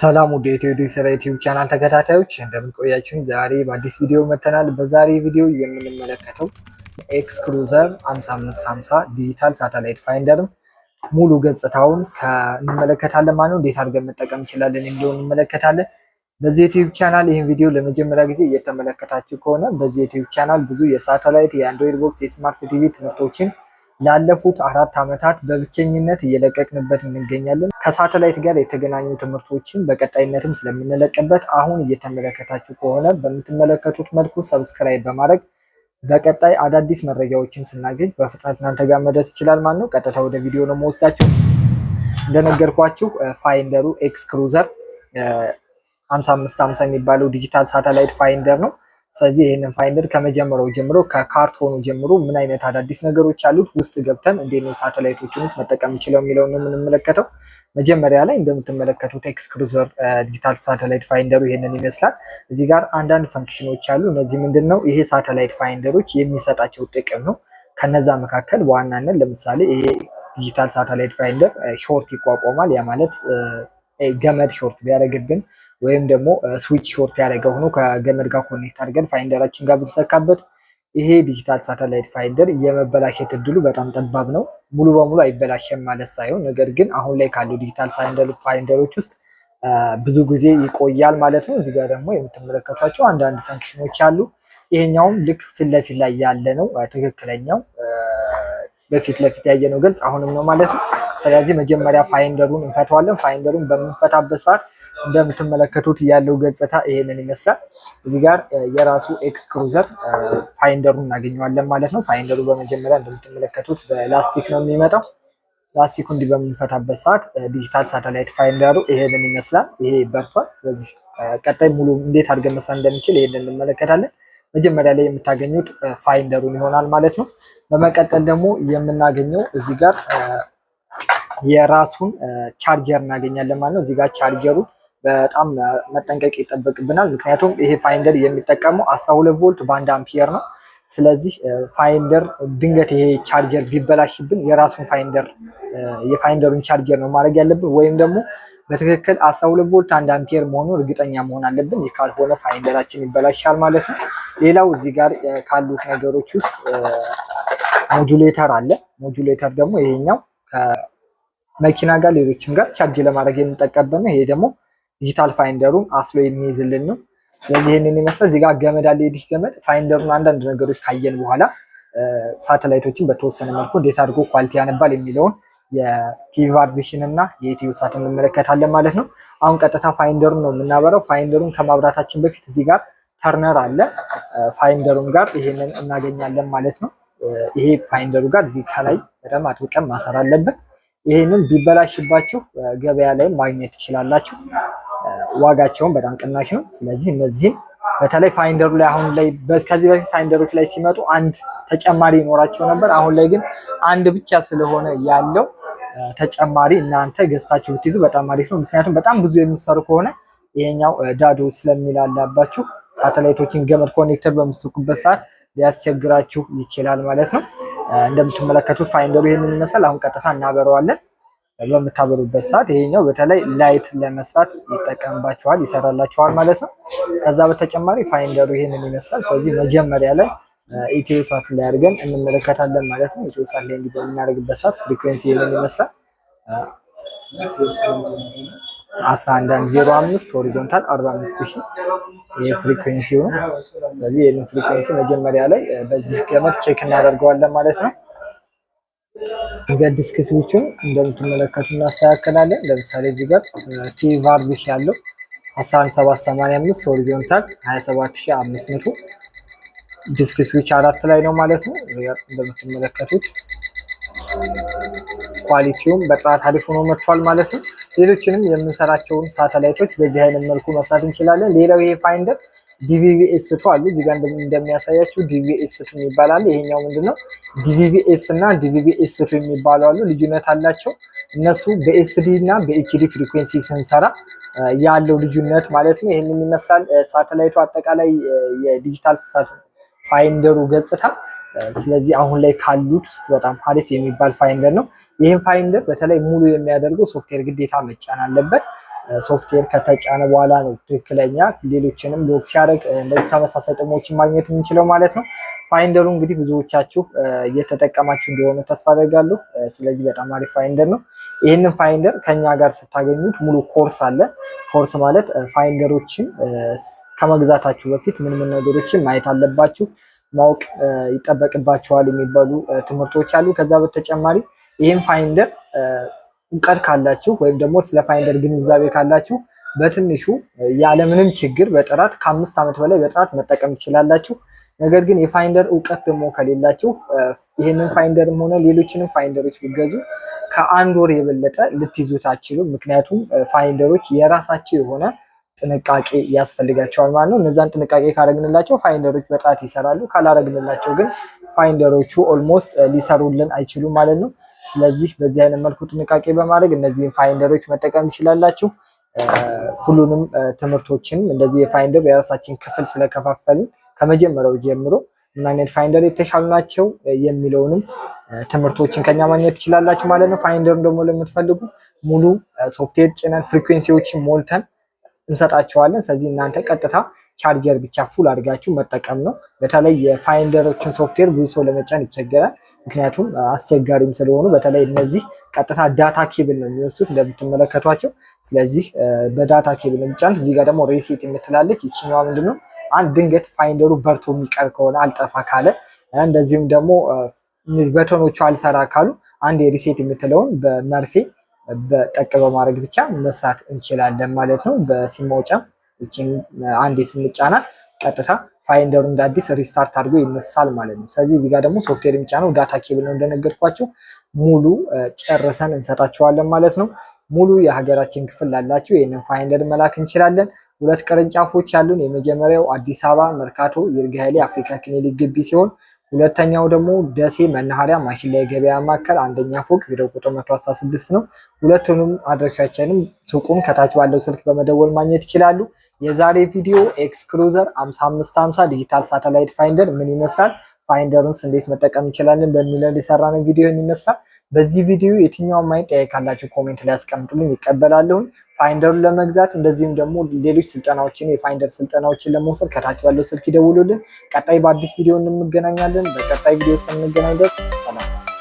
ሰላም ወደ ኢትዮ ስራ ዩቲዩብ ቻናል ተከታታዮች እንደምን ቆያችሁኝ? ዛሬ በአዲስ ቪዲዮ መተናል። በዛሬ ቪዲዮ የምንመለከተው ክሩዘር 5550 ዲጂታል ሳተላይት ፋይንደር ሙሉ ገጽታውን እንመለከታለን ማለት ነው። እንዴት አድርገን መጠቀም እንችላለን የሚለውን እንመለከታለን። በዚህ ዩቲዩብ ቻናል ይህን ቪዲዮ ለመጀመሪያ ጊዜ እየተመለከታችሁ ከሆነ በዚህ ዩቲዩብ ቻናል ብዙ የሳተላይት የአንድሮይድ ቦክስ፣ የስማርት ቲቪ ትምህርቶችን ላለፉት አራት ዓመታት በብቸኝነት እየለቀቅንበት እንገኛለን። ከሳተላይት ጋር የተገናኙ ትምህርቶችን በቀጣይነትም ስለምንለቅበት አሁን እየተመለከታችሁ ከሆነ በምትመለከቱት መልኩ ሰብስክራይብ በማድረግ በቀጣይ አዳዲስ መረጃዎችን ስናገኝ በፍጥነት እናንተ ጋር መድረስ ይችላል ማለት ነው። ቀጥታ ወደ ቪዲዮ ነው መወስዳችሁ። እንደነገርኳችሁ ፋይንደሩ ኤክስ ክሩዘር 5550 የሚባለው ዲጂታል ሳተላይት ፋይንደር ነው። ስለዚህ ይህንን ፋይንደር ከመጀመሪያው ጀምሮ ከካርቶኑ ጀምሮ ምን አይነት አዳዲስ ነገሮች አሉት፣ ውስጥ ገብተን እንዴት ነው ውስጥ መጠቀም ይችለው የሚለው ነው የምንመለከተው። መጀመሪያ ላይ እንደምትመለከቱት ኤክስክሉዘር ዲጂታል ሳተላይት ፋይንደሩ ይህንን ይመስላል። እዚህ ጋር አንዳንድ ፈንክሽኖች አሉ። እነዚህ ምንድን ነው? ይሄ ሳተላይት ፋይንደሮች የሚሰጣቸው ጥቅም ነው። ከነዛ መካከል በዋናነት ለምሳሌ ይሄ ዲጂታል ሳተላይት ፋይንደር ሾርት ይቋቋማል። ያ ማለት ገመድ ሾርት ቢያደርግብን ወይም ደግሞ ስዊች ሾርት ያደረገ ሆኖ ከገመድ ጋር ኮኔክት አድርገን ፋይንደራችን ጋር ብንሰካበት ይሄ ዲጂታል ሳተላይት ፋይንደር የመበላሸት እድሉ በጣም ጠባብ ነው። ሙሉ በሙሉ አይበላሸም ማለት ሳይሆን፣ ነገር ግን አሁን ላይ ካሉ ዲጂታል ፋይንደሮች ውስጥ ብዙ ጊዜ ይቆያል ማለት ነው። እዚጋ ደግሞ የምትመለከቷቸው አንዳንድ ፈንክሽኖች አሉ። ይሄኛውም ልክ ፊት ለፊት ላይ ያለ ነው ትክክለኛው በፊት ለፊት ያየነው ግልጽ አሁንም ነው ማለት ነው። ስለዚህ መጀመሪያ ፋይንደሩን እንፈተዋለን። ፋይንደሩን በምንፈታበት ሰዓት እንደምትመለከቱት ያለው ገጽታ ይሄንን ይመስላል። እዚህ ጋር የራሱ ኤክስ ክሩዘር ፋይንደሩን እናገኘዋለን ማለት ነው። ፋይንደሩ በመጀመሪያ እንደምትመለከቱት በላስቲክ ነው የሚመጣው። ላስቲኩ እንዲህ በምንፈታበት ሰዓት ዲጂታል ሳተላይት ፋይንደሩ ይሄንን ይመስላል። ይሄ በርቷል። ስለዚህ ቀጣይ ሙሉ እንዴት አድርገን መሳል እንደምንችል ይሄንን እንመለከታለን። መጀመሪያ ላይ የምታገኙት ፋይንደሩን ይሆናል ማለት ነው። በመቀጠል ደግሞ የምናገኘው እዚህ ጋር የራሱን ቻርጀር እናገኛለን ማለት ነው። እዚህ ጋር ቻርጀሩ በጣም መጠንቀቅ ይጠበቅብናል። ምክንያቱም ይሄ ፋይንደር የሚጠቀመው 12 ቮልት በአንድ አምፒየር ነው። ስለዚህ ፋይንደር ድንገት ይሄ ቻርጀር ቢበላሽብን የራሱን ፋይንደር የፋይንደሩን ቻርጀር ነው ማድረግ ያለብን ወይም ደግሞ በትክክል 12 ቮልት አንድ አምፔር መሆኑን እርግጠኛ መሆን አለብን። ይህ ካልሆነ ፋይንደራችን ይበላሻል ማለት ነው። ሌላው እዚህ ጋር ካሉት ነገሮች ውስጥ ሞጁሌተር አለ። ሞጁሌተር ደግሞ ይሄኛው ከመኪና ጋር ሌሎችም ጋር ቻርጅ ለማድረግ የምንጠቀምበት ነው። ይሄ ደግሞ ዲጂታል ፋይንደሩን አስሎ የሚይዝልን ነው። ስለዚህ ይህንን ይመስላል። እዚህ ጋር ገመድ አለ። የዲሽ ገመድ ፋይንደሩን አንዳንድ ነገሮች ካየን በኋላ ሳተላይቶችን በተወሰነ መልኩ እንዴት አድርጎ ኳሊቲ ያነባል የሚለውን የፒቫርዚሽን እና የኢትዮ ሳት እንመለከታለን ማለት ነው። አሁን ቀጥታ ፋይንደሩን ነው የምናበረው። ፋይንደሩን ከማብራታችን በፊት እዚህ ጋር ተርነር አለ። ፋይንደሩን ጋር ይሄንን እናገኛለን ማለት ነው። ይሄ ፋይንደሩ ጋር እዚህ ከላይ በጣም አጥብቀን ማሰር አለብን። ይሄንን ቢበላሽባችሁ ገበያ ላይ ማግኘት ትችላላችሁ። ዋጋቸውን በጣም ቅናሽ ነው። ስለዚህ እነዚህን በተለይ ፋይንደሩ ላይ አሁን ላይ ከዚህ በፊት ፋይንደሮች ላይ ሲመጡ አንድ ተጨማሪ ይኖራቸው ነበር። አሁን ላይ ግን አንድ ብቻ ስለሆነ ያለው ተጨማሪ እናንተ ገዝታችሁ ብትይዙ በጣም አሪፍ ነው። ምክንያቱም በጣም ብዙ የሚሰሩ ከሆነ ይሄኛው ዳዶ ስለሚላላባችሁ ሳተላይቶችን ገመድ ኮኔክተር በምትስቁበት ሰዓት ሊያስቸግራችሁ ይችላል ማለት ነው። እንደምትመለከቱት ፋይንደሩ ይህንን ይመስላል። አሁን ቀጥታ እናበረዋለን። በምታበሩበት ሰዓት ይሄኛው በተለይ ላይት ለመስራት ይጠቀምባቸዋል፣ ይሰራላቸዋል ማለት ነው። ከዛ በተጨማሪ ፋይንደሩ ይሄንን ይመስላል። ስለዚህ መጀመሪያ ላይ ኢትዮ ሳት ላይ አድርገን እንመለከታለን ማለት ነው። ኢትዮ ሳት ላይ እንዲህ በምናደርግበት ሰዓት ፍሪኩዌንሲ ይሄንን ይመስላል 1105 ሆሪዞንታል 45000 ይሄ ፍሪኩዌንሲው ነው። ስለዚህ ይሄንን ፍሪኩዌንሲ መጀመሪያ ላይ በዚህ ገመድ ቼክ እናደርገዋለን ማለት ነው። አዳዲስ ክስቦችን እንደምትመለከቱ እናስተካከላለን። ለምሳሌ እዚህ ጋር ቲ ቫርዚሽ ያለው 1785 ሆሪዞንታል 27500 ዲስክ ስዊች አራት ላይ ነው ማለት ነው። እንደምትመለከቱት ኳሊቲውም በጥራት አሪፍ ሆኖ መጥቷል ማለት ነው። ሌሎችንም የምንሰራቸውን ሳተላይቶች በዚህ አይነት መልኩ መስራት እንችላለን። ሌላው ይሄ ፋይንደር ዲቪቪኤስ ቱ አሉ እዚጋ እንደሚያሳያችሁ ዲቪኤስ ይባላል። ይሄኛው ምንድን ነው ዲቪቪኤስ እና ዲቪቪኤስ ሪ የሚባሉ አሉ። ልዩነት አላቸው። እነሱ በኤስዲ እና በኤችዲ ፍሪኩዌንሲ ስንሰራ ያለው ልዩነት ማለት ነው። ይህንን ይመስላል ሳተላይቱ አጠቃላይ የዲጂታል ፋይንደሩ ገጽታ። ስለዚህ አሁን ላይ ካሉት ውስጥ በጣም አሪፍ የሚባል ፋይንደር ነው። ይህም ፋይንደር በተለይ ሙሉ የሚያደርገው ሶፍትዌር ግዴታ መጫን አለበት። ሶፍትዌር ከተጫነ በኋላ ነው ትክክለኛ ሌሎችንም ሎክ ሲያደርግ እንደዚህ ተመሳሳይ ጥቅሞችን ማግኘት የምንችለው ማለት ነው። ፋይንደሩ እንግዲህ ብዙዎቻችሁ እየተጠቀማችሁ እንደሆኑ ተስፋ አደርጋለሁ። ስለዚህ በጣም አሪፍ ፋይንደር ነው። ይህንን ፋይንደር ከኛ ጋር ስታገኙት ሙሉ ኮርስ አለ። ኮርስ ማለት ፋይንደሮችን ከመግዛታችሁ በፊት ምን ምን ነገሮችን ማየት አለባችሁ፣ ማወቅ ይጠበቅባችኋል የሚባሉ ትምህርቶች አሉ። ከዛ በተጨማሪ ይህም ፋይንደር እውቀት ካላችሁ ወይም ደግሞ ስለ ፋይንደር ግንዛቤ ካላችሁ በትንሹ ያለምንም ችግር በጥራት ከአምስት ዓመት በላይ በጥራት መጠቀም ትችላላችሁ። ነገር ግን የፋይንደር እውቀት ደግሞ ከሌላችሁ ይህንን ፋይንደርም ሆነ ሌሎችንም ፋይንደሮች ቢገዙ ከአንድ ወር የበለጠ ልትይዙት አትችሉም። ምክንያቱም ፋይንደሮች የራሳቸው የሆነ ጥንቃቄ ያስፈልጋቸዋል ማለት ነው። እነዛን ጥንቃቄ ካረግንላቸው ፋይንደሮች በጣት ይሰራሉ። ካላረግንላቸው ግን ፋይንደሮቹ ኦልሞስት ሊሰሩልን አይችሉም ማለት ነው። ስለዚህ በዚህ አይነት መልኩ ጥንቃቄ በማድረግ እነዚህን ፋይንደሮች መጠቀም ትችላላችሁ። ሁሉንም ትምህርቶችንም እንደዚህ የፋይንደር የራሳችን ክፍል ስለከፋፈልን ከመጀመሪያው ጀምሮ ምን አይነት ፋይንደር የተሻሉ ናቸው የሚለውንም ትምህርቶችን ከኛ ማግኘት ትችላላችሁ ማለት ነው። ፋይንደርን ደግሞ ለምትፈልጉ ሙሉ ሶፍትዌር ጭነን ፍሪኩዌንሲዎችን ሞልተን እንሰጣቸዋለን። ስለዚህ እናንተ ቀጥታ ቻርጀር ብቻ ፉል አድርጋችሁ መጠቀም ነው። በተለይ የፋይንደሮችን ሶፍትዌር ብዙ ሰው ለመጫን ይቸገራል። ምክንያቱም አስቸጋሪም ስለሆኑ በተለይ እነዚህ ቀጥታ ዳታ ኬብል ነው የሚወስዱት እንደምትመለከቷቸው። ስለዚህ በዳታ ኬብል ነው የሚጫኑት። እዚህ ጋር ደግሞ ሬሴት የምትላለች ይችኛዋ ምንድን ነው አንድ ድንገት ፋይንደሩ በርቶ የሚቀር ከሆነ አልጠፋ ካለ እንደዚሁም ደግሞ በተኖቹ አልሰራ ካሉ አንድ የሪሴት የምትለውን በመርፌ በጠቅ በማድረግ ብቻ መስራት እንችላለን ማለት ነው። በሲም መውጫ አንዴ ስንጫናት ቀጥታ ፋይንደሩ እንደ አዲስ ሪስታርት አድርጎ ይነሳል ማለት ነው። ስለዚህ እዚህ ጋር ደግሞ ሶፍትዌር የሚጫነው ዳታ ኬብል ነው እንደነገርኳቸው ሙሉ ጨርሰን እንሰጣችኋለን ማለት ነው። ሙሉ የሀገራችን ክፍል ላላችሁ ይህንን ፋይንደር መላክ እንችላለን። ሁለት ቅርንጫፎች ያሉን የመጀመሪያው አዲስ አበባ መርካቶ ይርጋሃሌ አፍሪካ ክሊኒክ ግቢ ሲሆን ሁለተኛው ደግሞ ደሴ መናኸሪያ ላይ ገበያ ማዕከል አንደኛ ፎቅ ቢሮ ቁጥር 116 ነው። ሁለቱንም አድራሻችንም ሱቁን ከታች ባለው ስልክ በመደወል ማግኘት ይችላሉ። የዛሬ ቪዲዮ ኤክስክሉዘር 5550 ዲጂታል ሳተላይት ፋይንደር ምን ይመስላል ፋይንደሩንስ እንዴት መጠቀም እንችላለን በሚለው የሰራነው ቪዲዮ ይመስላል። በዚህ ቪዲዮ የትኛውም አይነት ጥያቄ ካላችሁ ኮሜንት ላይ አስቀምጡልኝ፣ ይቀበላለሁኝ። ፋይንደሩን ለመግዛት እንደዚሁም ደግሞ ሌሎች ስልጠናዎችን የፋይንደር ስልጠናዎችን ለመውሰድ ከታች ባለው ስልክ ይደውሉልን። ቀጣይ በአዲስ ቪዲዮ እንገናኛለን። በቀጣይ ቪዲዮ ውስጥ እንገናኝ። ደስ ሰላም